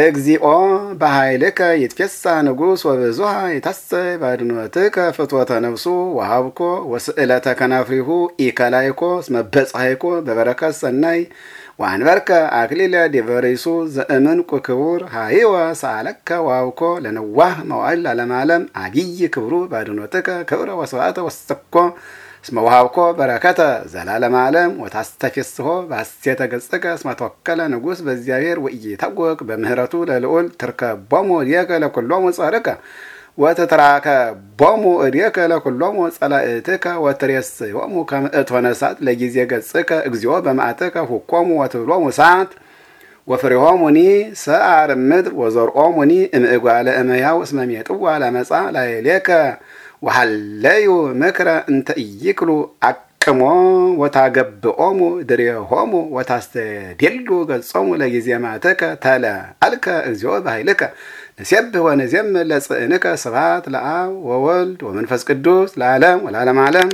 እግዚኦ በኃይልከ ይትፌሳ ንጉሥ ወብዙሃ የታሰይ ባድኖትከ ፍትወተ ነፍሱ ወሃብኮ ወስእለተ ከናፍሪሁ ኢከላይኮ እስመ በበረከት ሰናይ ወአንበርከ አክሊለ ዲቨሪሱ ዘእምንቁ ክቡር ሃይወ ሰአለከ ወሃብኮ ለነዋህ መዋል ዓለም ዓለም አብይ ክብሩ ባድኖትከ ክብረ ወስብአተ ወሰኮ እስመ ወሀብኮ በረከተ ዘላለም ዓለም ወታስተፌስሖ በሐሴተ ገጽከ እስመ ተወከለ ንጉሥ በእግዚአብሔር ወኢይታወቅ በምህረቱ ለልዑል ትርከቦሙ እዴከ ለኵሎሙ ጸርከ ወትትራከቦሙ እዴከ ለኵሎሙ ጸላእትከ ወትሬስዮሙ ከመ እቶነ እሳት ለጊዜ ገጽከ እግዚኦ በመዓትከ ሁኮሙ ወትብሎሙ እሳት ወፍሬሆሙኒ ሰአር ምድር ወዘርኦሙኒ እምእጓለ እመያው እስመ ሜጥዋ ላመጻ ላዕሌከ ወሃለዩ ምክረ እንተ ኢይክሉ አቅሞ ወታገብኦሙ ድሬሆሙ ወታስተዴሉ ገጾሙ ለጊዜ ማተከ ተለ አልከ እግዚኦ በኃይልከ ንሴብህ ወንዜም ለጽዕንከ ስብሐት ለአብ ወወልድ ወመንፈስ ቅዱስ ለዓለም ወለዓለም ዓለም